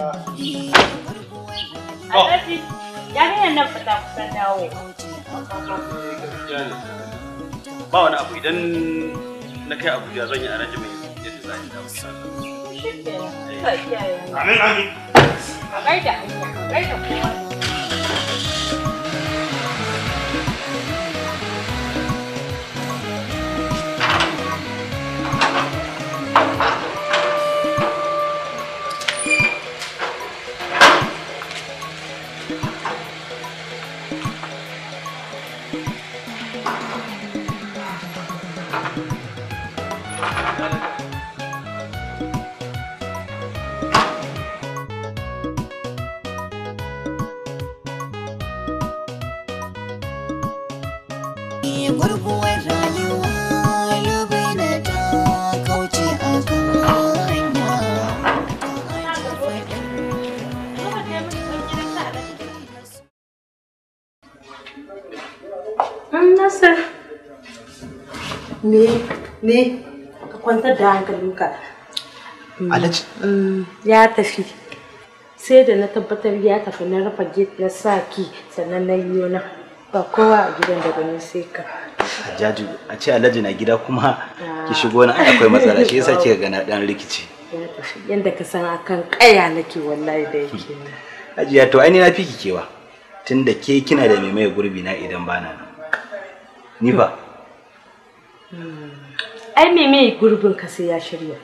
Oh. Alhaji, nan fita kusan dawo. Ba wani abu idan na kai Abuja zan yi mai za a yi Amin, amin. ne ne ka kwantar da hankalinka hmm. alaji hmm, ya tafi sai da na tabbatar ya tafi na rufe gate na sa ki sannan na yi na ba kowa a gidan da gani sai ka Hajjaju a ce Alhaji na gida kuma ki shigo na akwai matsala shi yasa kika gana dan rikici yanda ka san akan kaya nake wallahi da yake Hajiya to ainihin na fi tun da ke kina da mai mai gurbi na idan bana nan ni fa ai me mai gurbin ka sai ya shirya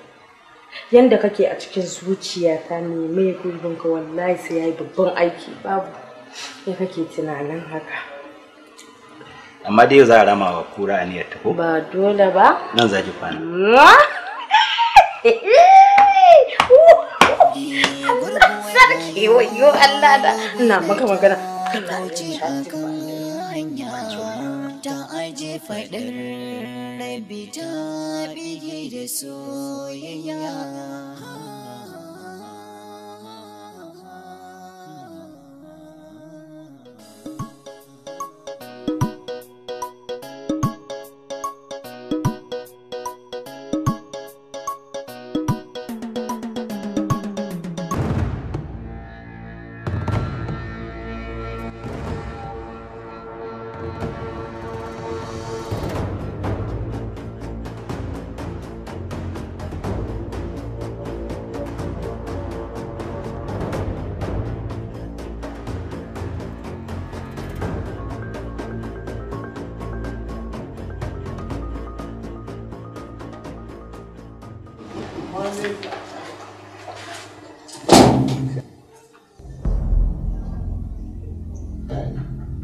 yanda kake a cikin zuciyata me mai gurbin ka wallahi sai yayi babban aiki babu ya kake tunanin haka amma dai za a rama wa kura aniyar ta ko ba dole ba nan za ki kwana sarki wayo Allah da ina maka magana kana cikin ta aje faɗar rabi ta bige da soyayya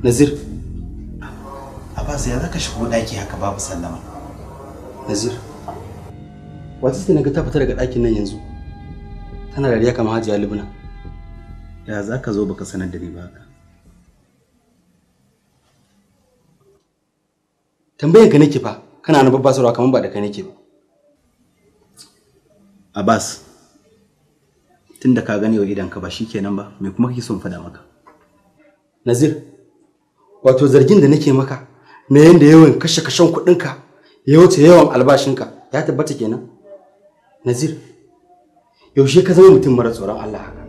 Nazir. Abbas ya zaka shigo daki haka babu sallama. Nazir. Wata ce naga ta fita daga ɗakin nan yanzu. Tana dariya kamar Hajiya Libna. Da za ka zo baka sanar da ni ba haka. Tambayanka nake fa, kana na babba kamar ba da kai nake ba. Abbas, tun da ka gane wa idanka ba shi kenan ba, me kuma kake son faɗa maka? Nazir, wato zargin da nake maka, na yanda yawan kashe-kashen kuɗinka ya wuce yawan albashinka, ya tabbata kenan? Nazir, yaushe ka zama mutum mara tsoron Allah haka?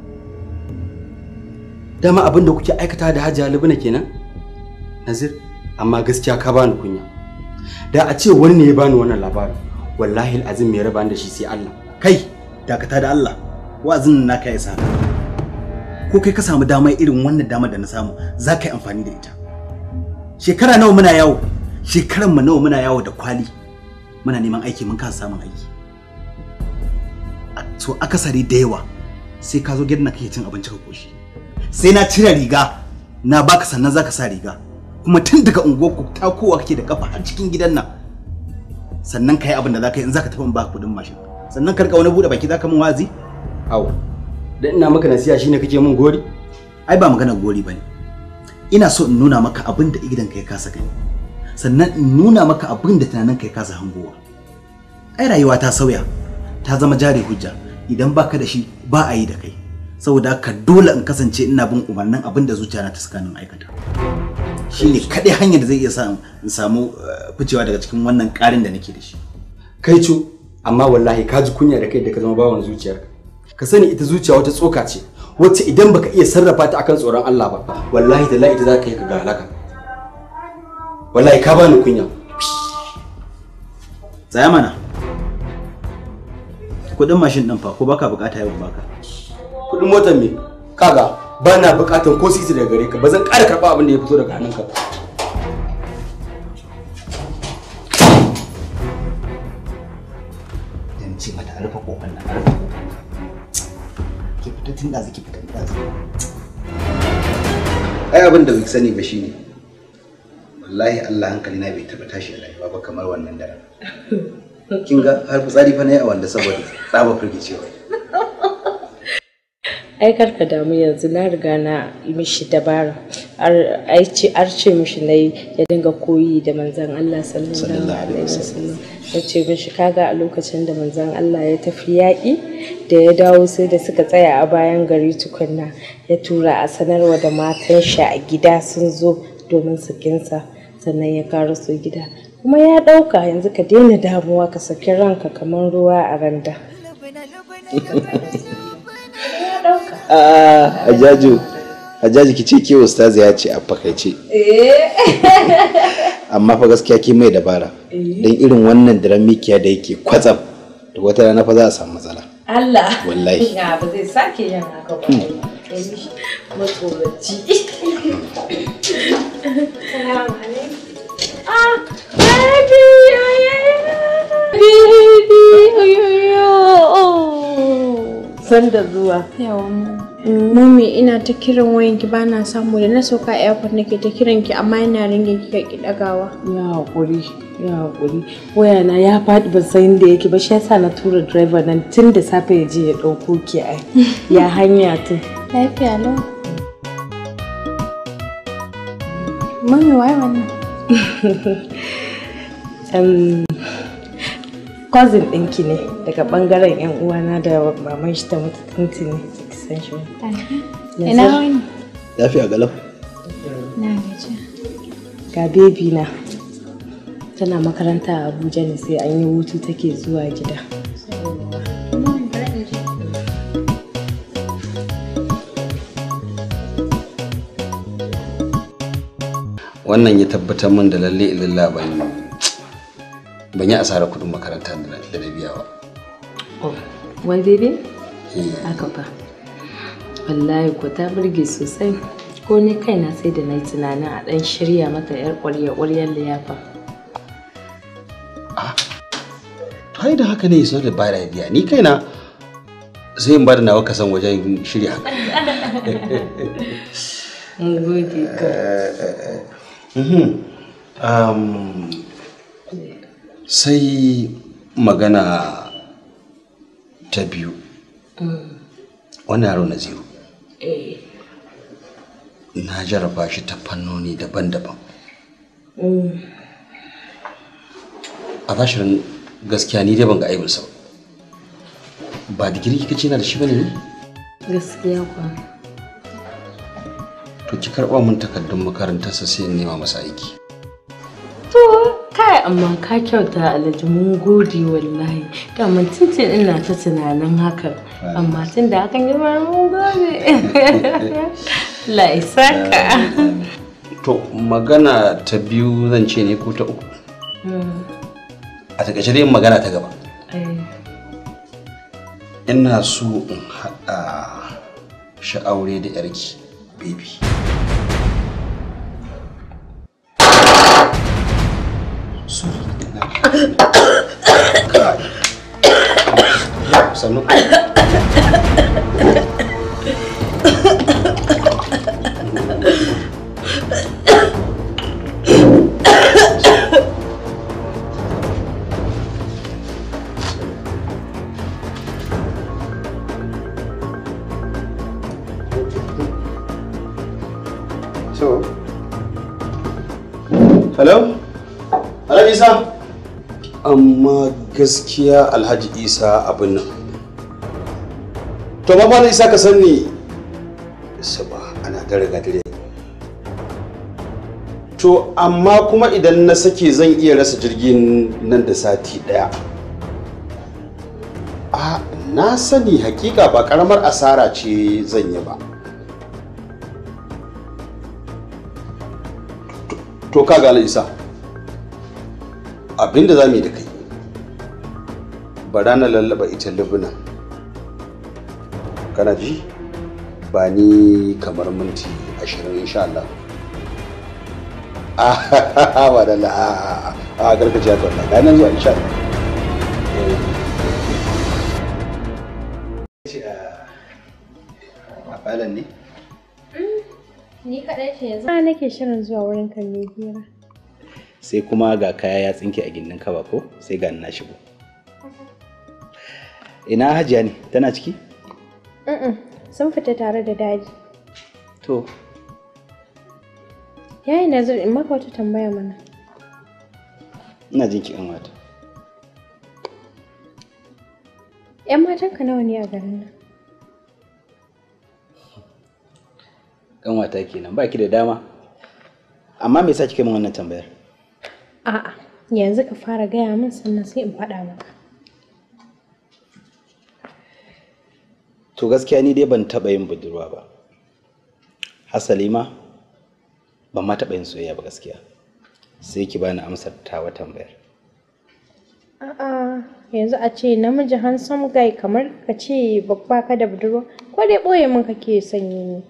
Dama abin da kuke aikata da Hajiya Libina kenan? Nazir, amma gaskiya ka bani kunya. Da a ce wani ne ya bani wannan labarin, wallahi azim me raba da shi sai Allah. kai dakata da Allah wa'azin naka ya saka ko kai ka samu dama irin wannan dama da na samu za ka yi amfani da ita shekara nawa muna yawo shekaran mu nawa muna yawo da kwali muna neman aiki mun kasa samun aiki so akasari da yawa sai ka zo gidan kake cin abinci ka koshi sai na cire riga na baka sannan zaka sa riga kuma tun daga unguwar ku ta kowa kake da kafa a cikin gidan nan sannan kai abin da zaka yi in zaka tafi in kudin mashin sannan karka wani bude baki zaka min wazi au dan ina maka nasiha shine kake min gori ai ba magana gori bane ina so in nuna maka abin da idan kai kasa gani sannan in nuna maka abin da tunanin kai kasa hangowa ai rayuwa ta sauya ta zama jari hujja idan baka da shi ba a yi da kai saboda haka dole in kasance ina bin umarnin abin da zuciya na ta sakanin aikata shine kadai hanyar da zai iya sa in samu eh, ficewa daga cikin wannan karin da nake da shi kai cu amma wallahi ka ji kunya da kai da ka zama bawan zuciyar ka sani ita zuciya wata tsoka ce wacce idan baka iya sarrafa ta akan tsoron Allah ba wallahi da ita za ka yi ka ga halaka wallahi ka bani kunya tsaya mana kudin mashin din fa ko baka bukata yau baka kudin motar me kaga ba na bukatan ko sisi daga gare ka ba zan ƙara karba abin da ya fito daga hannunka ba rufe kofar nan fita tun da fita ai abin da bai sani ba shine wallahi Allah hankali na bai taba tashi a rayuwa ba kamar wannan daren kin ga har fitsari fa na yi a wanda saboda tsaba firgicewa ai karka damu yanzu na riga na mishi dabara ar ce mishi na yi ya dinga koyi da manzan Allah sallallahu alaihi wasallam ya ce mishi kaga a lokacin da manzan Allah ya tafi yaƙi da ya dawo sai da suka tsaya a bayan gari tukunna ya tura a sanarwa da matan shi a gida sun zo domin su kinsa sannan ya kara su gida kuma ya ɗauka yanzu ka daina damuwa ka saki ranka kamar ruwa a randa Ah, ajaju jaju a jaji ki ce ke ustazi ya ce a fakaice eh. amma fa gaskiya ke mai dabara eh. don irin wannan daren mikiya da yake kwatsam da wata rana fa za a samu matsala Allah wallahi ya ba zai sake yin haka ba hmm. matsoraci hmm. ah baby baby Sanda zuwa. Mm. Mummy ina ta kiran wayanki ba na samu da na sauka a airport nake ta kiran ki amma ina ringe kika ki dagawa. Ya hakuri, ya hakuri. Waya na ya faɗi ban san inda yake ba shi yasa na tura driver nan tun da safe ya je ya ɗauko ki ai. Ya hanya tun. Lafiya lo. Mummy wannan? cousin ɗinki ne daga ɓangaren 'yan uwana da maman shi ta mutu ne san shi ina wani a galau na ga bebi na tana makaranta a abuja ne sai an yi hutu take zuwa gida wannan ya tabbatar min da lalle ilalla ba ne ban yi asara kudin makaranta da na biya ba oh, wai bebe eh. Aka fa wallahi ko ta burge sosai ko ni kaina sai da na yi tunanin a ɗan shirya mata yar ƙwarya ƙwaryar liyafa ah, ai da haka ne so da ba biya ni kaina sai in nawa kasan wajen shirya haka gode ka eh, eh, mhm. um, sai magana ta biyu wani yaro na zero eh. na jaraba shi ta fannoni daban-daban a bashirin gaskiya ni dai ban ga aibinsa ba digiri kika ce na da shi bane ne gaskiya to ki karɓa min takardun makarantarsa sai in nema masa aiki amma ka kyauta aladu mun gode wallahi da mun tuntun ina ta tunanin haka amma tun da hakan ya bar mun gode laisaka to magana ta biyu zan ce ne ko ta uku hmm. a takaice dai magana ta gaba eh. ina so in haɗa sha'aure da yarki baby sannu gaskiya alhaji isa abin nan to na isa ka sani saba ana ta riga dare to amma kuma idan na sake zan iya rasa jirgin nan da sati daya a na sani hakika ba karamar asara ce zan yi ba to ka kaga isa abinda za mu yi da kai bara na lallaba ita libina kana ji ba ni kamar minti ashirin insha Allah ba da la a gargajiya ta wannan nan zuwa insha Allah eh. Eh, a falon ne? Mm, ni kaɗai ce yanzu. Ah, nake shirin zuwa wurin kan hira. Sai kuma ga kaya ya tsinke a gindin kaba ko sai ga na shigo. ina hajiya ne tana ciki sun fita tare da daji to yayin da in maka wata tambaya mana ina jinki kiɗan wata yan matanka nawa ne a garin nan ƙanwata kenan ba ki da dama amma me yasa kika min wannan tambayar a'a yanzu ka fara gaya min sannan sai in faɗa maka to gaskiya ni dai ban taɓa yin budurwa ba hasali ma ban ma taɓa yin soyayya ba gaskiya sai ki bani amsar ta wa tambayar a'a yanzu a ce namiji hansom guy kamar ka ce babba ka da budurwa ko dai ɓoye min kake sanyi ne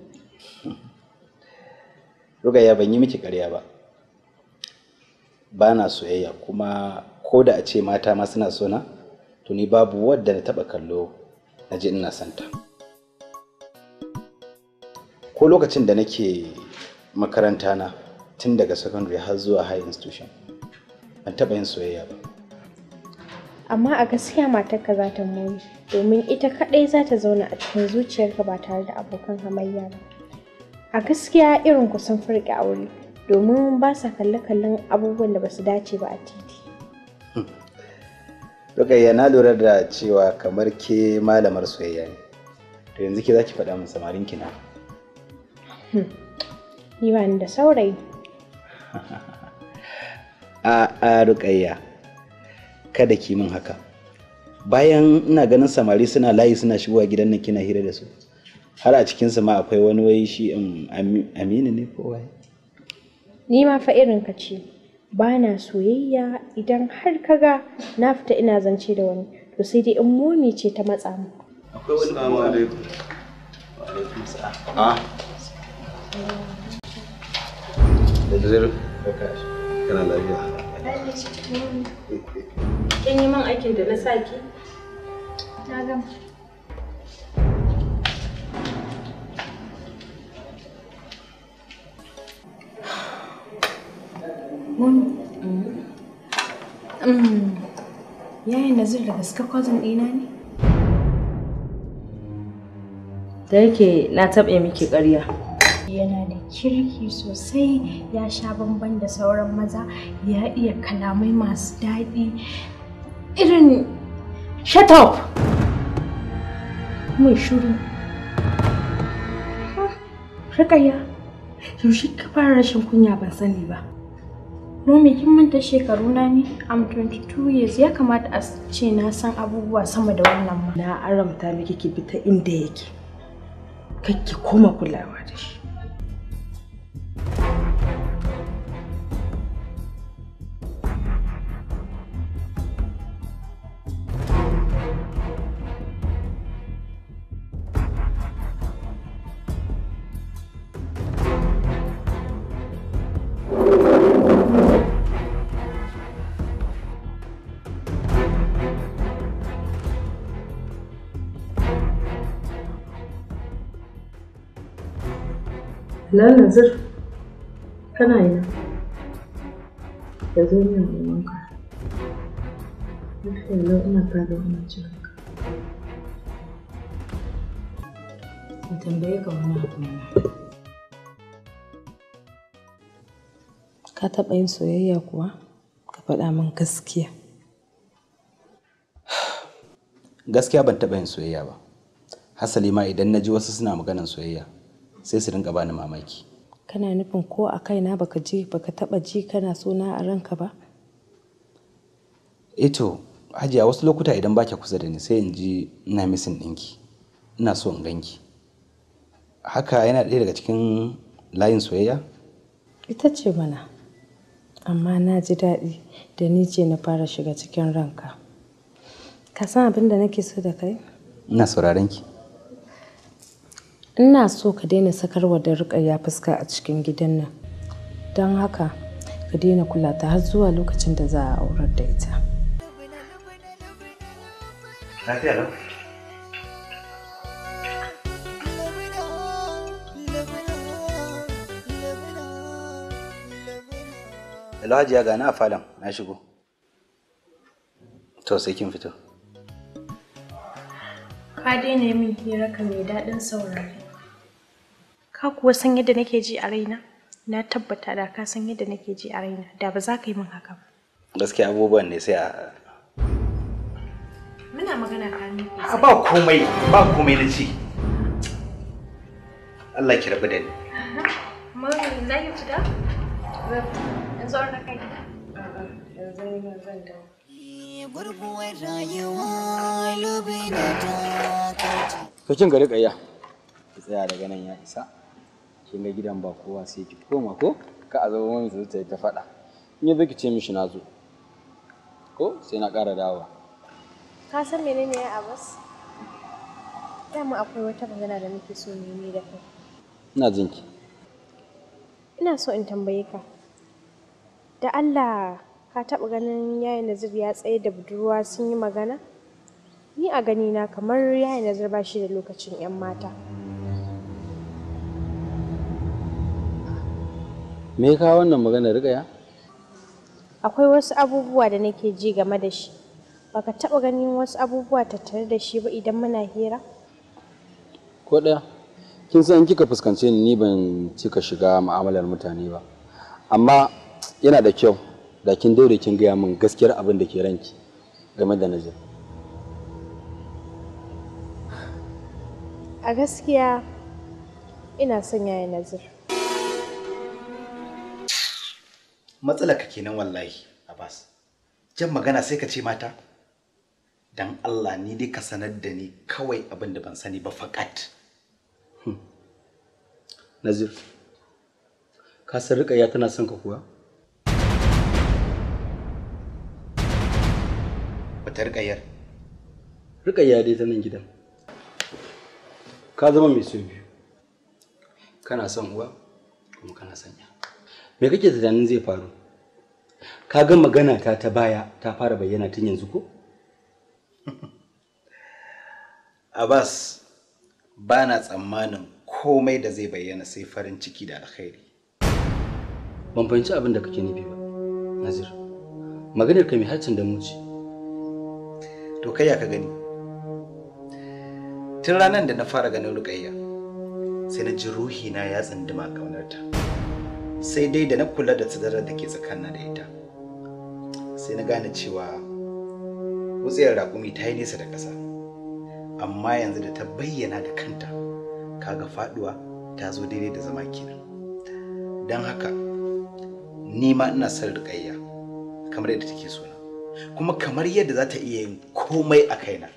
rugaya ban yi miki karya ba Bana soyayya kuma ko da a ce mata ma suna sona to ni babu wadda na taɓa kallo na ji ina santa ko lokacin da nake makaranta na tun daga secondary har zuwa high institution ban taɓa yin soyayya ba amma a gaskiya matarka za ta muni domin ita kaɗai za ta zauna a cikin zuciyarka ba tare da abokan hamayya ba a gaskiya irin ku sun furke aure domin ba sa kalle-kallen abubuwan da ba su dace ba a titi Rukayya na lura da cewa kamar ke malamar soyayya ne. To yanzu ke za ki faɗa min samarin ki na. Hmm. Ni ba da saurayi. A a Rukayya. Kada ki min haka. Bayan ina ganin samari suna layi suna shigowa gidan nan kina hira da su. Har a cikinsu ma akwai wani wai shi um, aminu ne ko wai? Ni ma fa irin ka ce. bana soyayya idan har ka ga na fita ina zance da wani to sai dai in momi ce ta matsa mu akwai wani ah. kin yi min aikin da na saki na gama Mun? Mm. Mm. Yayin Nazir da gaske cousin ɗina ne? Da yake na taɓa miki ƙarya. Yana da kirki sosai ya sha bamban da sauran maza ya iya kalamai masu daɗi irin shut up mai shuru rikaya yaushe ka fara rashin kunya ban sani ba Nomi kin manta shekaru na ne? I'm 22 years ya kamata a ce na san abubuwa sama da wannan ma. Na aramta miki ki bi inda yake. Kake koma kulawa da shi. Nan Nazir, kana yi Da zo ni wanka. Lafiya lau ina fara ina jiran ka. In tambaye ka wani abu ne. Ka taɓa yin soyayya kuwa? Ka faɗa min gaskiya. Gaskiya ban taɓa yin soyayya ba. Hasali ma idan na ji wasu suna maganan soyayya sai su rinka bani mamaki kana nufin ko a kaina baka je baka taba ji kana suna a ranka ba eto eh hajiya wasu lokuta idan baki kusa da ni sai in ji ina misin ɗinki ina so in ganki haka yana ɗaya daga cikin layin soyayya ita ce mana amma na ji daɗi da ni ce na fara shiga cikin ranka ka san abin da nake so da kai ina sauraron ki Ina so ka daina sakarwa da ya fuska a cikin gidan nan. Don haka ka daina kula ta har zuwa lokacin da za a aurar da ita. Lafiya lau? Alhaji ya a falon na shigo. To sai kin fito. Ka daina min hira ka mai daɗin saurare. ka kuwa san yadda nake ji a raina na tabbata da ka san yadda nake ji a raina da ba za ka yi min haka ba gaskiya abubuwan ne sai a muna magana ka ba komai ba komai na ci Allah ki rabu da ni Mami, na yi fita? Yanzu na gari ƙayya. Ki tsaya daga nan ya isa. kin ga gidan ba kowa sai ki koma ko ka a zama wani zai ta faɗa in yanzu ki ce mishi na zo ko sai na ƙara dawa ka san menene ya abas dama akwai wata magana da muke so ne ne da kai ina jin ki ina so in tambaye ka da Allah ka taɓa ganin yayi Nazir ya tsaye da budurwa sun yi magana ni a ganina kamar yayin Nazir ba shi da lokacin 'yan mata. me ka kawo wannan magana ya akwai wasu abubuwa da nake ji game da shi baka taba ganin wasu abubuwa tattare da shi ba idan muna hira ko ɗaya kin san kika fuskance ni ban cika shiga mu'amalar mutane ba amma yana da kyau da kin daure kin gaya min gaskiyar abin da ke ranki game da Najib a gaskiya ina son yayin Nazir matsalar ka kenan wallahi Abbas jan magana sai ka ce mata dan Allah ni dai ka sanar da ni kawai abin da ban sani ba fakat hmm. Nazir ka san riƙayya tana son ka kuwa wata riƙayyar riƙayya dai ta nan gidan ka zama mai so biyu kana son uwa kuma kana son ya me kake tunanin zai faru ka ga magana ta ta baya ta fara bayyana tun yanzu ko abbas ba na tsammanin komai da zai bayyana sai farin ciki da alkhairi ban fahimci abin da kake nufi ba nazir maganar ka mai haccin da muci to kai ka gani tun ranar da na fara ganin rukayya sai na ji ruhina ya tsinduma kaunarta sai dai da na kula da tsadarar da ke tsakanin da ita sai na gane cewa wutsiyar raƙumi ta yi nesa da ƙasa amma yanzu da ta bayyana da kanta kaga faɗuwa ta zo daidai da zama kenan don haka ni ma ina son riƙayya kamar yadda take so kuma kamar yadda za ta iya yin komai a kaina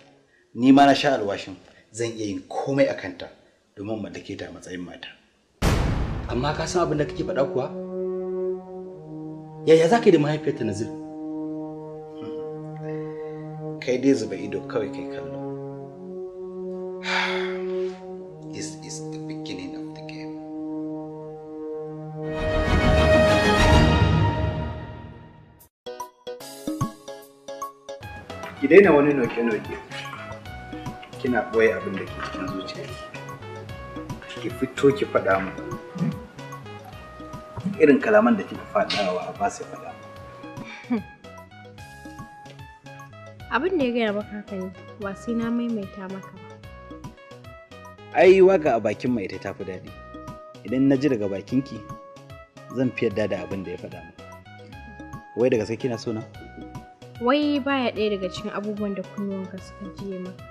ni ma na sha alwashin zan iya yin komai a kanta domin mallake ta matsayin mata amma ka san abin da kake faɗa kuwa yaya za ka yi da ta nazir kai dai zuba ido kawai kai kallo this is the beginning of the game ki daina wani noke-noke kina ɓoye abin da ke cikin zuciya ki fito ki faɗa mu irin kalaman da kika faɗawa ba sai faɗa. Abin da ya gaya maka haka ne, ba sai na maimaita maka Ai waka a bakin mai ita tafi daɗi. Idan na ji daga bakinki zan fi yarda da abin da ya faɗa mu. Wai daga sai kina so na? Wai baya ɗaya daga cikin abubuwan da kunnuwanka suka jiye maka.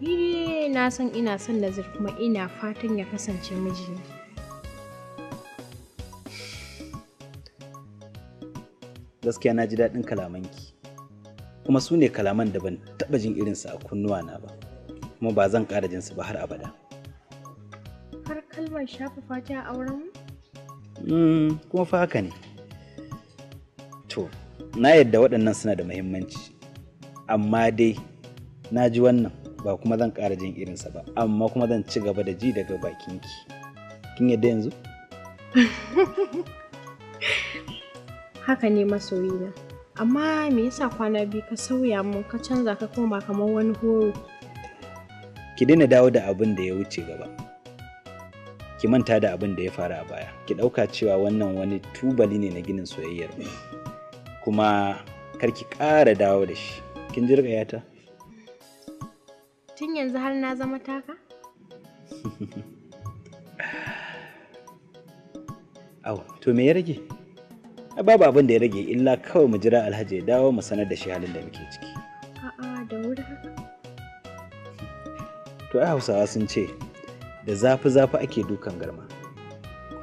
Ni na san ina son Nazir kuma ina fatan ya kasance mijina. gaskiya na ji daɗin kalamanki kuma su ne kalaman da ban taɓa jin irinsu a kunnuwa na ba kuma ba zan ƙara jinsu ba har abada har kalmar shafa fata a auren mu hmm, kuma fa haka ne to na yadda waɗannan suna da muhimmanci amma dai na ji wannan ba kuma zan ƙara jin irinsa ba amma kuma zan ci gaba da ji daga bakinki kin yadda yanzu Haka ne masoyina, amma me yasa kwana biyu ka sauya mun ka canza ka koma kamar wani horo? Ki daina dawo da abin da ya wuce gaba. Ki manta da abin da ya faru a baya. Ki ɗauka cewa wannan wani tubali ne na ginin soyayyar mu. Kuma kar ki ƙara dawo da shi. Kin jirga yata? Tun yanzu har na zama taka? Au, to me ya rage? babu abin da ya rage illa kawai mu jira alhaji ya dawo mu sanar da shi halin da muke ciki a'a da wuri haka to ai hausawa sun ce da zafi zafi ake dukan garma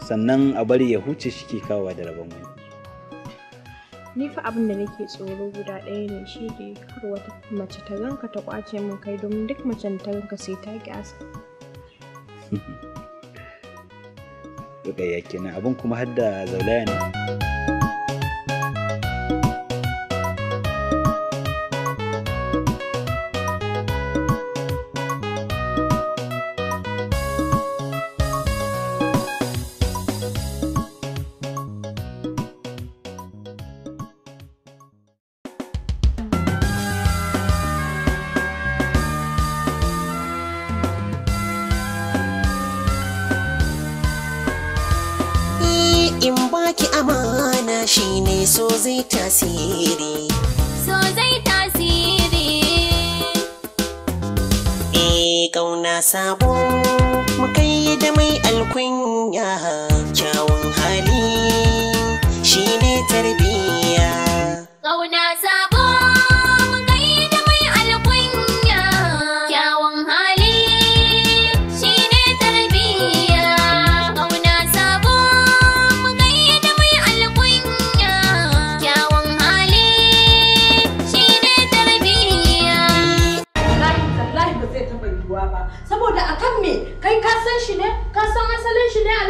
sannan a bari ya huce shi ke kawowa da rabon wani ni fa abin da nake tsoro guda ɗaya ne shi ne kar wata mace ta ganka ta kwace min kai domin duk mace macen ta ganka sai ta kyasa Duka yake abin kuma hadda zaulaya ne. sao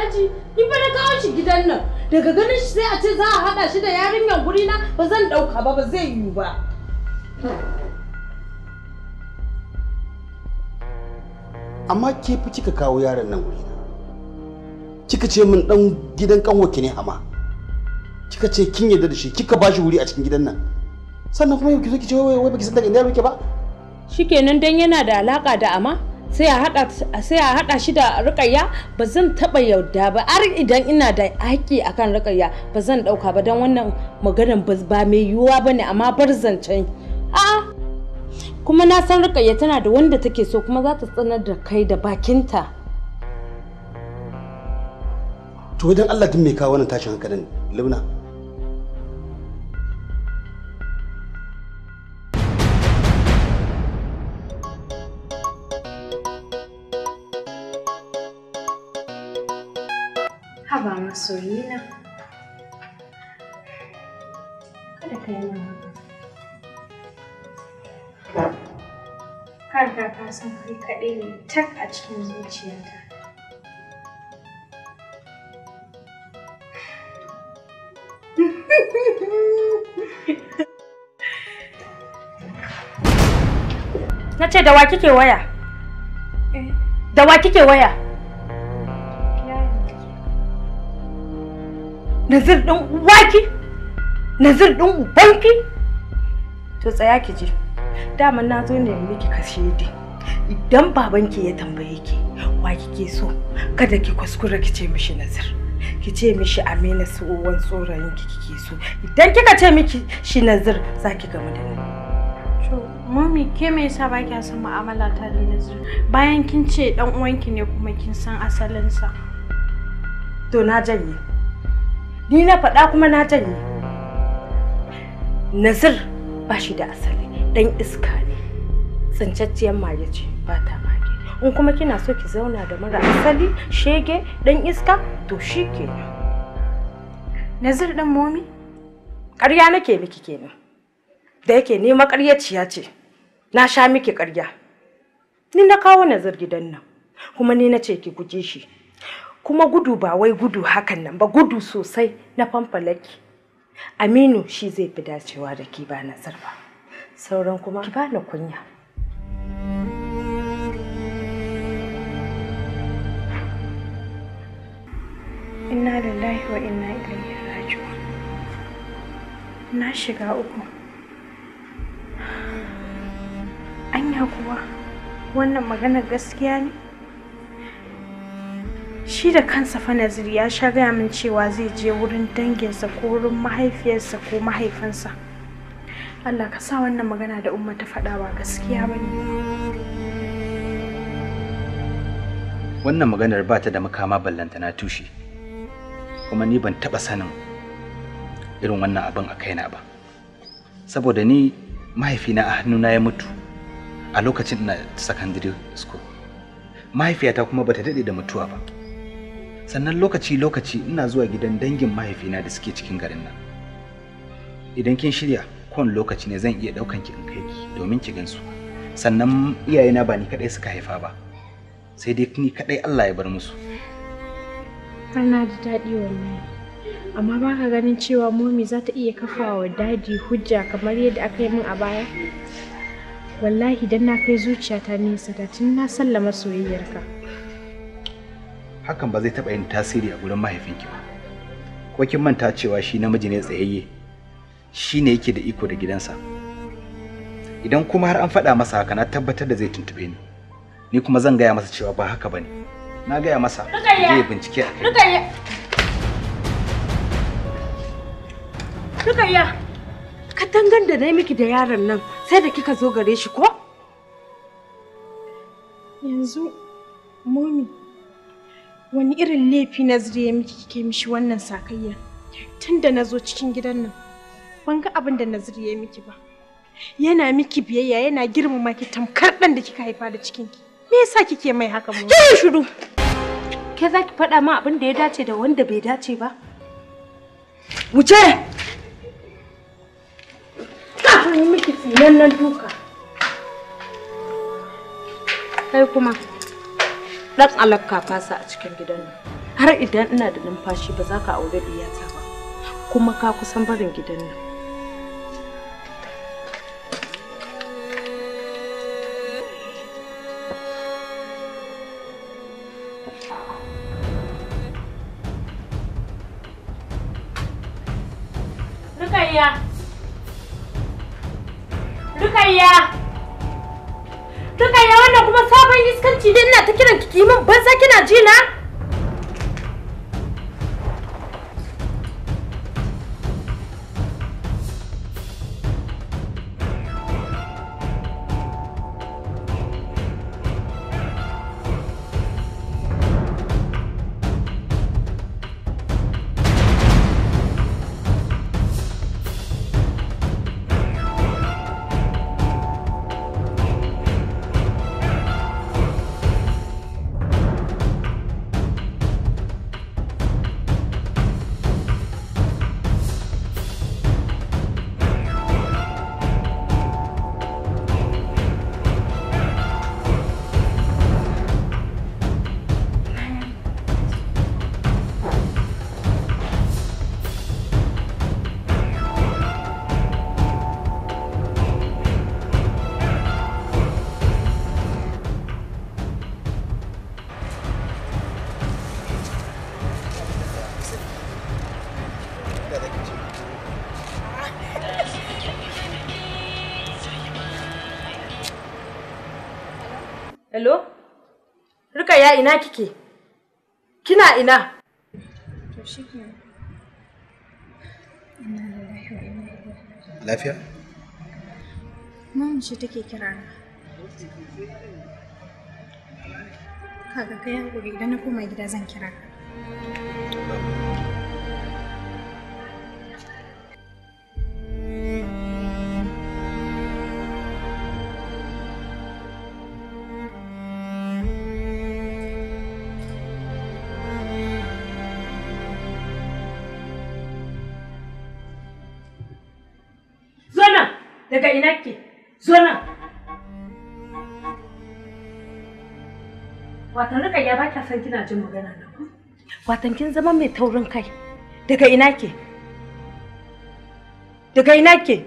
alhaji ni fa na kawo shi gidan nan daga ganin shi sai a ce za a haɗa shi da yarinyar guri na ba zan ɗauka ba ba zai yiwu ba amma ke fi kika kawo yaron nan guri na kika ce min dan gidan kanwaki ne hama kika ce kin yarda da shi kika ba shi wuri a cikin gidan nan sannan kuma yau ki zo ki ce wai baki san daga inda yake ba shikenan dan yana da alaka da amma. sai a haɗa shi da rukayya ba zan taɓa yarda ba har idan ina da haƙƙi akan rukayya ba zan ɗauka ba don wannan maganar ba mai yiwuwa ba ne amma bar zancen a kuma na san rukayya tana da wanda take so kuma za ta tsanar da kai da bakinta to idan Allah din mai kawo wannan tashin hankalin libna masoyina kada ka yi min har da ka san kai kaɗai ne tak a cikin zuciyata na ce da wa kike waya eh. da wa kike waya Nazir ɗin uwaki? Nazir ɗin ubanki? To tsaya ki ji. Daman na zo ne miki dai. Idan babanki ya tambaye ki, wa kike so? Kada ki kuskura ki ce mishi Nazir. Ki ce mishi Amina tsohon tsoron ki kike so. Idan kika ce miki shi Nazir, za ki gamu da ni. Mami ke me yasa ba kya san mu'amala ta da Nazir? Bayan kin ce dan uwanki ne kuma kin san asalinsa. To na janye. ni na faɗa kuma na janye nazir ba shi da asali ɗan iska ne tsincacciyar maye ce ba ta mage in kuma kina so ki zauna da mara asali shege ɗan iska to shi kenan nazir ɗan momi ƙarya nake miki kenan da yake nema maƙaryaciya ce na sha miki ƙarya ni na kawo nazir gidan nan kuma ni na ce ki guje shi kuma gudu ba wai gudu hakan nan ba gudu sosai na fanfalaki aminu shi zai fi dacewa da ki ba na ba sauran kuma ki bani kunya inna lillahi wa inna ilaihi raji'un na shiga uku anya kuwa wannan magana gaskiya ne shi da kansa fa nazir ya sha gaya min cewa zai je wurin danginsa ko wurin mahaifiyarsa ko mahaifinsa allah ka sa wannan magana da umma ta faɗa ba gaskiya ba wannan maganar ba ta da makama ballanta na tushe kuma ni ban taɓa sanin irin wannan abin a kaina ba saboda ni mahaifina a hannuna ya mutu a lokacin na secondary school mahaifiyata kuma bata daɗe da mutuwa ba sannan lokaci-lokaci ina zuwa gidan dangin mahaifina da suke cikin garin nan idan kin shirya kon lokaci ne zan iya ɗaukan ki in kai ki domin ki su sannan iyayena ba ni kaɗai suka haifa ba sai dai ni kaɗai Allah ya bar musu har na ji daɗi wallahi amma ba ka ganin cewa momi za ta iya kafa wa dadi hujja kamar yadda aka yi min a baya wallahi dan na kai zuciyata nesa da tun na sallama soyayyarka hakan ba zai taɓa yin tasiri a gurin mahaifinki ba ko kin manta cewa shi namiji ne tsayayye shi ne yake da iko da gidansa idan kuma har an faɗa masa haka na tabbatar da zai tuntube ni ni kuma zan gaya masa cewa ba haka bane na gaya masa zai bincike a kai Rukayya, ka tangan da na miki da yaron nan sai da kika zo gare shi ko? Yanzu, mami. Wani irin laifi na ya miki kike mishi wannan sakayya? Tun da na zo cikin gidan nan, ban ga abin da Nazir ya miki ba. Yana miki biyayya, yana girmama ki tamkar ɗan da kika haifa da cikinki. Me yasa kike mai haka mu? Ki shiru. Ke za ki faɗa ma abin da ya dace da wanda bai dace ba? Wuce! Kafin miki nan duka. Kai kuma. dan alakka fasa a cikin gidan nan har idan ina da numfashi ba za ka aure iyata ba kuma ka kusan barin gidan nan kiki dinna ta kiran kiki ban sa kina ji na yaya ina kike kina ina to shikenan lafiya shi take kira na kaga kai hakuri idan na koma gida zan kira ka daga ina ke zo nan watan rika ya ba san kina jin magana na watan kin zama mai taurin kai daga ina ke daga ina ke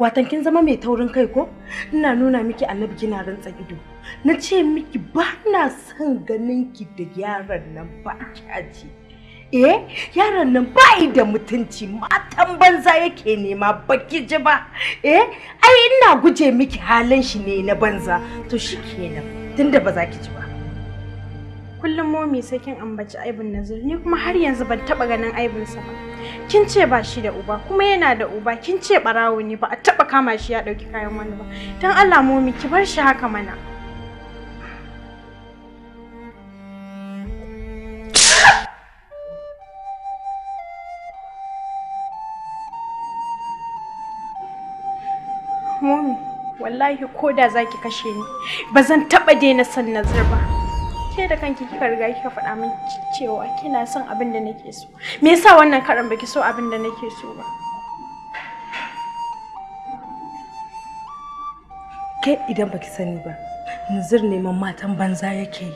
watan kin zama mai taurin kai ko ina nuna miki annabi kina rantsa ido na ce miki ba na son ganin ki da yaran nan ba ki aji eh yaran nan bai da mutunci matan banza yake nema baki ji ba eh ai ina guje miki halin shi ne na banza to shikenan tunda ba za ki ji ba kullum momi sai kin ambaci aibin nazir ni kuma har yanzu ban taba ganin aibin sa ba kin ce ba shi da uba kuma yana da uba kin ce barawo ne ba a taba kama shi ya dauki kayan wani ba dan Allah momi ki bar shi haka mana wallahi ko da zaki kashe ni ba zan taɓa daina san nazar ba ke da kanki kika riga kika faɗa min cewa kina son abin da nake so me yasa wannan karan baki so abin da nake so ba ke idan baki sani ba ne neman matan banza yake yi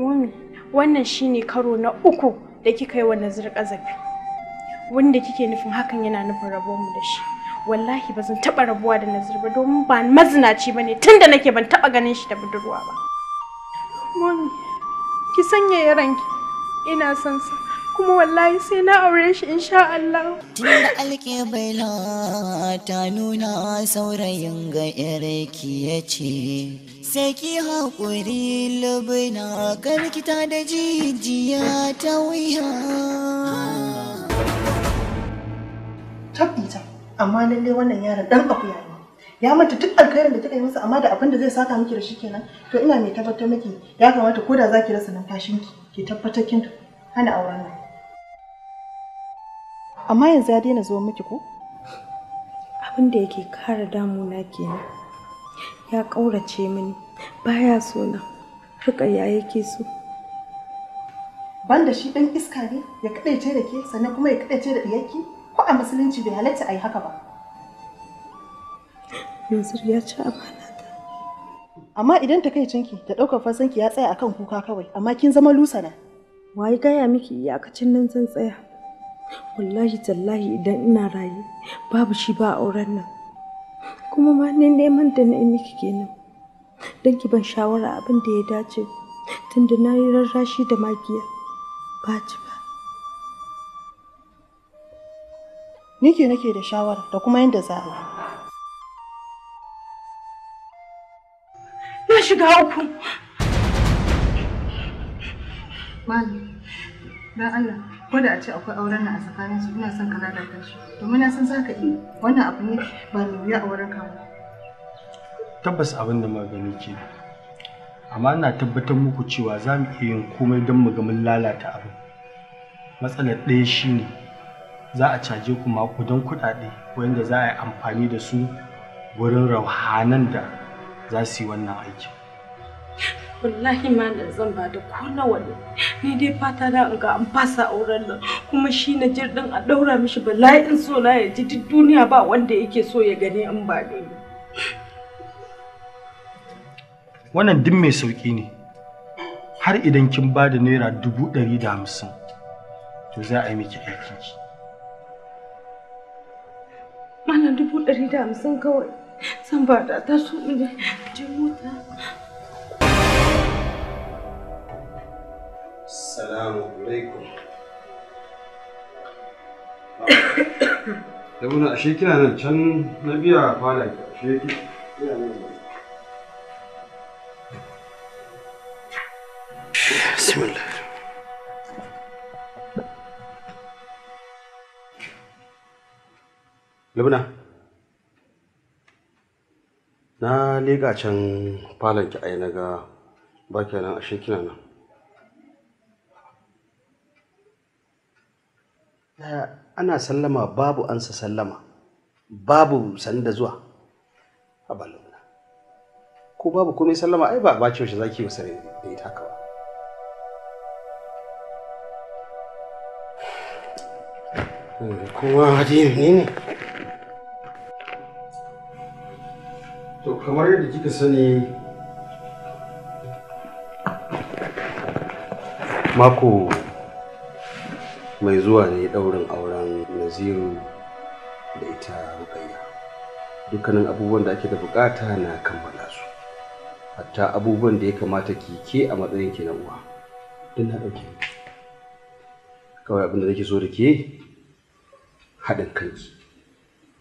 mumi wannan shine karo na uku da kika yi wa nazar ƙazafi wanda kike nufin hakan yana nufin mu da shi wallahi bazan zan taɓa rabuwa da Nazir ba domin ba mazinaci ba ne nake ban taɓa ganin shi da budurwa ba. Mun ki sanya ki ina son sa kuma wallahi sai na aure shi insha Allah. Tunda alke baila ta nuna saurayin ga yarki ya ce sai ki haƙuri lubina ta da jijiya ta wuya. amma lalle wannan yaron dan akuya ne ya mata duk alkhairin da ta yi masa amma da abin da zai saka miki da shi kenan to ina mai tabbatar miki ya kamata ko da zaki rasa numfashinki ki tabbatar kin hana auren nan amma yanzu ya daina zuwa miki ko abin da yake kara damuna kenan ya ƙaurace mini baya so na ya yake so banda shi dan iska ne ya kadaice da ke sannan kuma ya kadaice da ko a musulunci bai halatta a yi haka ba Mansur ya ci amana ta amma idan ta kai takaicinki da ɗaukar fasanki ya tsaya akan kuka kawai amma kin zama lusa lusana waye gaya miki kacin nan zan tsaya wallahi tallahi idan ina raye babu shi ba auren nan kuma ma ne neman da na miki kenan don ki ban shawara abin da ya dace tunda na yi rarrashi da magiya ba ci ni ke nake da shawara da kuma yadda za a yi na shiga uku Mali, don Allah, ko da a ce akwai auren nan a tsakanin su ina son ka lalata shi, domin na san za ka iya wannan abu ne ba mai wuya a wurin ka Tabbas abin da magani ke amma ina tabbatar muku cewa za mu iya yin komai don mu ga mun lalata abin. Matsalar ɗaya shine ne za a caje ku makudan kuɗaɗe wanda za a yi amfani da su wurin rauhanan da za su yi wannan aikin. Wallahi ma da zan ba da ko nawa ne, ni dai fata na in ga an fasa auren nan kuma shi na jirgin a ɗaura mishi bala'i in so na ya ji duk duniya ba wanda yake so ya gani in ba ni. Wannan duk mai sauƙi ne, har idan kin ba da naira dubu ɗari da hamsin, to za a yi miki aikinki. mana dubu ɗari da hamsin kawai. San ba da ta so ne. Je mota. Salamu alaikum. Yabuna ashe kina nan can na biya kwana ki ashe kina nan. Bismillah. Lubna, na leƙa can falonki ai na ga ba kya nan ashe kina nan. Ana sallama babu ansa sallama, babu sanda zuwa. Haba Lubna, ko babu komai sallama ai ba ba shi za ki yi wasa da ita haka ba. Hmm, kuma hadiri ne ne. To kamar yadda kika sani mako mai zuwa ne ɗaurin auren naziru da ita rukayya dukkanin abubuwan da ake da bukata na kammala su hatta abubuwan da ya kamata kike a matsayin ki na uwa don na dauke kawai abin da nake so da ke haɗin kanki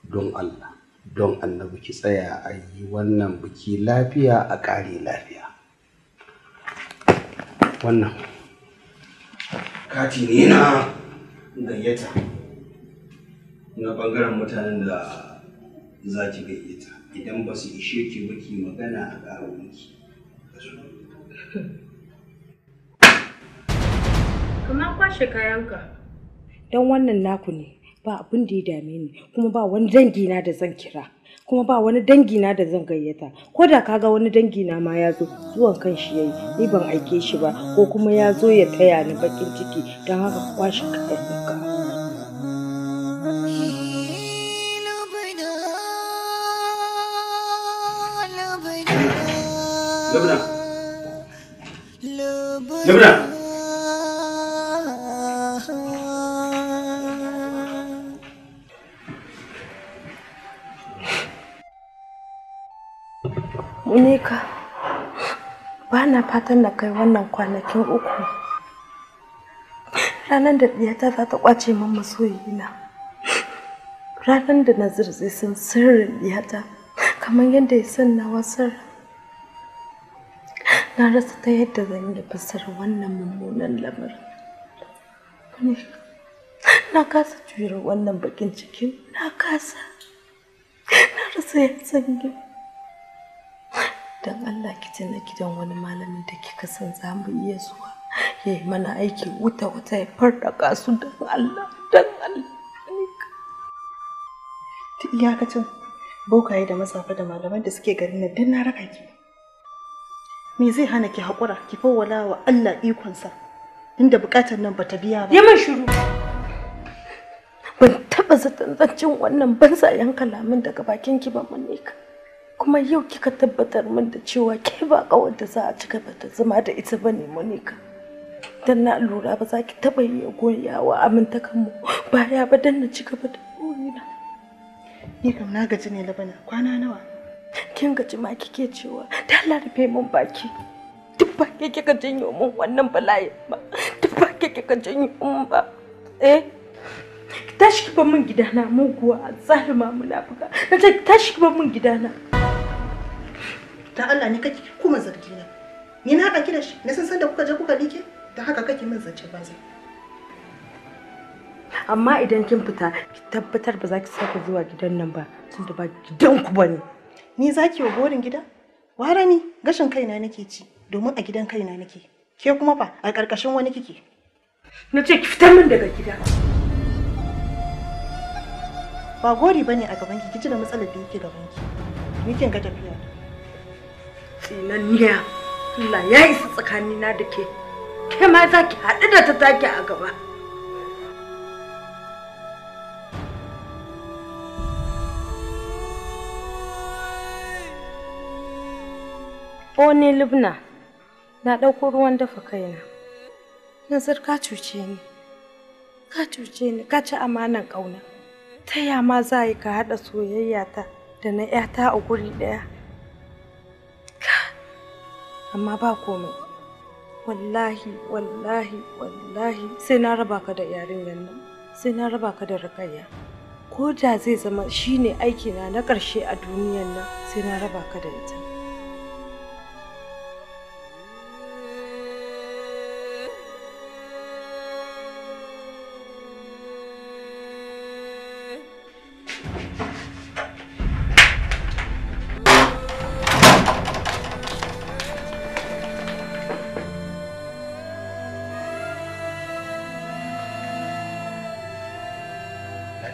don allah don annabi ki tsaya a yi wannan biki lafiya a ƙare lafiya wannan kati ne na gayyata na ɓangaren mutanen da za ki gayyata idan ba su ishe ki maki magana a ƙaro miki kamar kwashe kayanka don wannan naku ne ba abin da ya dame ni kuma ba wani dangi na da zan kira kuma ba wani dangi na da zan gayyata ko da kaga wani dangi na ma ya zo zuwan kan shi yayi ni ban aike shi ba ko kuma ya zo ya taya ni bakin ciki don haka ka kwashi kayan ka Lebra! Lebra! ana fatan na kai wannan kwanakin uku ranar da ɗiyata za ta ƙwace min masoyina ranar da na zirze sun sirrin ɗiyata kamar yadda ya san na wasar na rasa ta yadda zan yi fasar wannan mummunan lamarin na kasa juyar wannan bakin cikin na kasa na rasa ya san don Allah ki tana gidan wani malamin da kika san za mu iya zuwa ya yi mana aiki wuta wuta ya farraka su don Allah don Allah kace iyakacin bokaye da masafa da malaman da suke garin nan don na raka ki me zai hana ki haƙura ki fawwala wa Allah ikonsa inda buƙatar nan bata biya ba ya man shiru ban taɓa zaton zancen wannan yanka kalamin daga bakin ki ba manika kuma yau kika tabbatar min da cewa ke ba kawar da za a ci gaba da zama da ita ba ne monika don na lura ba za ki taɓa yi goyawa aminta kanmu baya ba don na ci gaba da burina ni kam na gaji ne labana kwana nawa kin gaji ma kike cewa ta larfe min baki duk ba ke kika janyo min wannan bala'in ba duk ba ke kika janyo min ba eh tashi ki ba min gidana muguwa zalima munafuka na ce tashi ki ba min gidana ta Allah ne kake kuma zargi na ni na haɗa ki da shi na san san da kuka je kuka like da haka kake min zance zai amma idan kin fita ki tabbatar ba za ki sake zuwa gidan nan ba tunda ba gidan ku bane ni za ki wa gorin gida ware ni gashin kaina nake ci domin a gidan kaina nake ke kuma fa a ƙarƙashin wani kike na ce ki fitar min daga gida ba gori bane a gaban ki kiji da matsalar da yake gaban ki ni kin ga tafiya tsinanniya Allah ya isa tsakanina da ke ke ma za ki haɗu da ta take a gaba o ne lubna na ɗauko ruwan dafa kaina nazar ka cuce ni ka cuce ni ka ci amanan ƙauna ta ya ma za yi ka haɗa soyayya ta da na 'yata a guri ɗaya amma ba komai wallahi wallahi wallahi sai na raba ka da yarinyar nan sai na raba ka da rakayya ko da zai zama shine aikina na ƙarshe a duniyar nan sai na raba ka da ita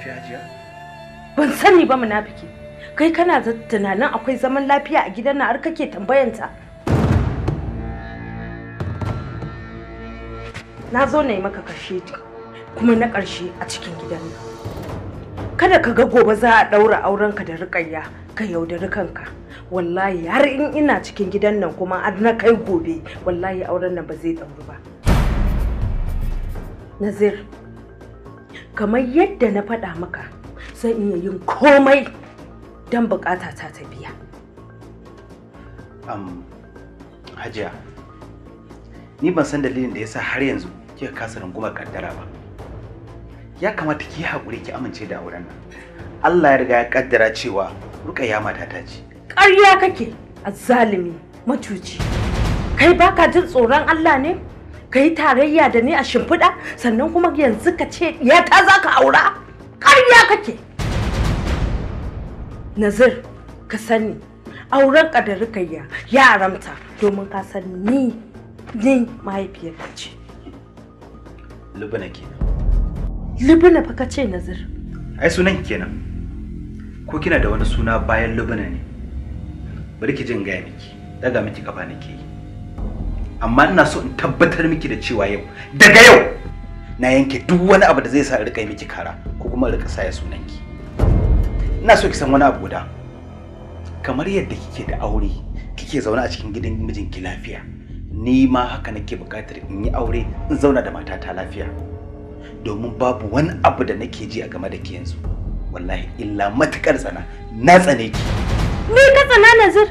lafiya jiya? Ban sani ba munafiki. Kai kana tunanin akwai zaman lafiya a gidan nan har kake tambayanta. Na zo na yi maka kashe ta kuma na ƙarshe a cikin gidan nan. Kada ka ga gobe za a ɗaura aurenka da riƙayya ka yaudari kanka. Wallahi har in ina cikin gidan nan kuma an na kai gobe wallahi auren nan ba zai ɗauri ba. Nazir, kamar yadda na faɗa maka zan iya yin komai don bukata ta ta biya um, hajiya ni ban san dalilin da ya sa har yanzu kika kasa rungumar kaddara ba ya kamata ki haƙuri ki amince da auren nan Allah ya riga ya kaddara cewa rukayya ta ce ƙarya kake azzalimi matuci kai baka jin tsoron Allah ne ka yi tarayya da ni a shimfiɗa sannan kuma yanzu ka ce ta za ka aura ƙarya kake nazir ka sani auren ƙadarikayya ya ramta domin ka san ni ni mahaifiyar ce lubuna kenan lubuna fa ka ce nazir ai sunan kenan ko kina da wani suna bayan lubuna ne bari ki jin gaya miki daga miki kafa nake yi amma ina so in tabbatar miki da cewa yau daga yau na yanke duk wani abu da zai sa rika miki kara ko kuma rika saya sunanki ina so ki san wani abu guda kamar yadda kike da aure kike zauna a cikin gidan mijinki lafiya ni ma haka nake buƙatar in yi aure in zauna da matata lafiya domin babu wani abu da nake ji a game da ke yanzu wallahi illa matukar tsana na tsane ki ni ka tsana nazir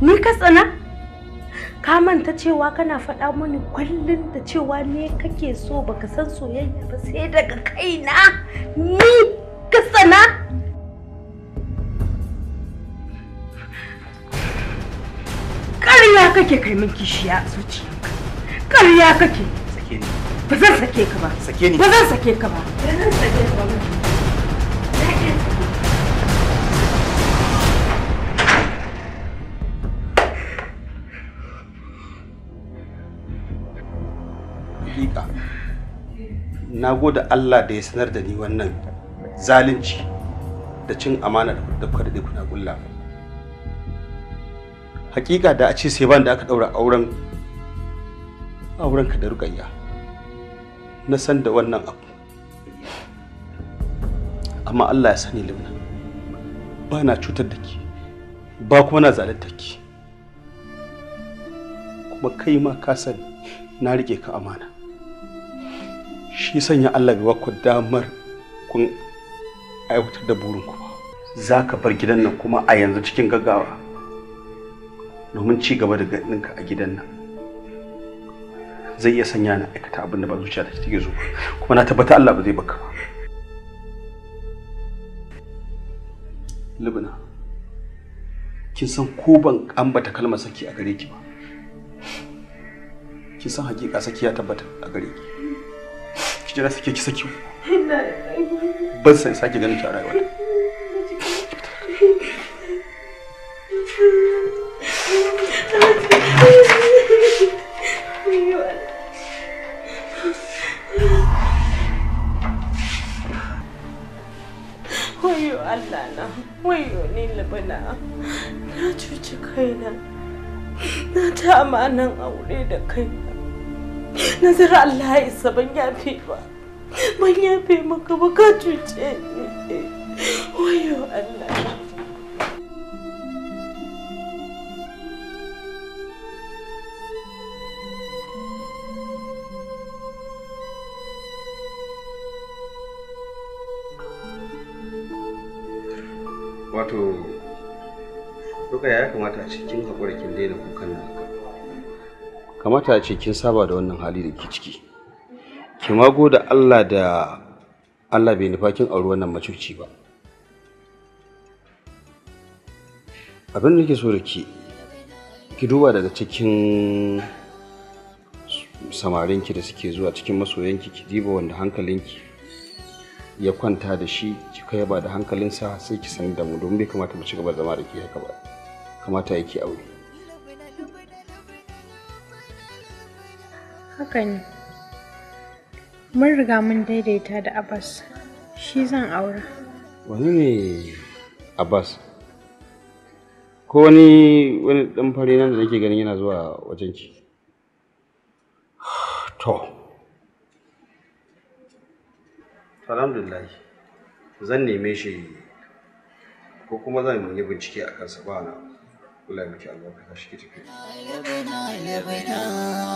ni ka tsana ka manta cewa kana faɗa muni kullum da cewa ne kake so baka san soyayya ba sai daga kaina ni ka sana ƙarya kake kai min kishiya a zuciyarka ƙarya kake sake ni ba zan sake ka ba sake ni ba zan sake ka ba ba zan sake ka ba na gode Allah da ya sanar da ni wannan zalunci da cin amana da kuka daɗe kuna gulla. hakika da a ce sai ban da aka ɗaura auren aurenka da rukayya na san da wannan abu amma Allah ya sani limna ba na cutar da ki ba kuma na zalunta ki kuma kai ma ka sani na rike ka amana shi sanya Allah bai ku damar kun aiwatar da burinku ba za ka bar gidan nan kuma a yanzu cikin gaggawa domin ci gaba da ganinka a gidan nan zai iya sanya na aikata abin da ba zuciya ta take zo kuma na tabbata Allah ba zai baka ba Libna kin san ko ban ambata kalmar saki a gare ki ba kin san hakika saki ya tabbata a gare ki ki jira sake ki saki ban san sake ganin ki a rayuwa Wayo Allah na, wayo ni labana, na cuci kaina, na ta amanan aure da kaina. Nazara Allah ya isa ban yafe ba. Ban yafe maka ba ka cuce ni. Wayo Allah. Wato, duka ya kamata a cikin haƙura daina kukan nan kamata a ce kin saba da wannan hali da ke ciki ki ma da Allah da Allah bai nufa kin auri wannan macuci ba abin da nake so da ki ki duba daga cikin samarinki da suke zuwa cikin masoyanki ki diba wanda hankalinki ya kwanta da shi ki kai ba da hankalinsa sai ki sani da mu domin bai kamata mu ci gaba zama da ke haka ba kamata yake aure Haka ne. Mun riga mun daidaita da Abbas, shi zan aura. Wani ne Abbas? Ko wani wani dan fari nan da nake ganin yana zuwa wajen ki? To. Alhamdulillah. Zan neme shi ko kuma zan yi bincike a kansa ba na. Allah ya miki albarka shi ke tafi.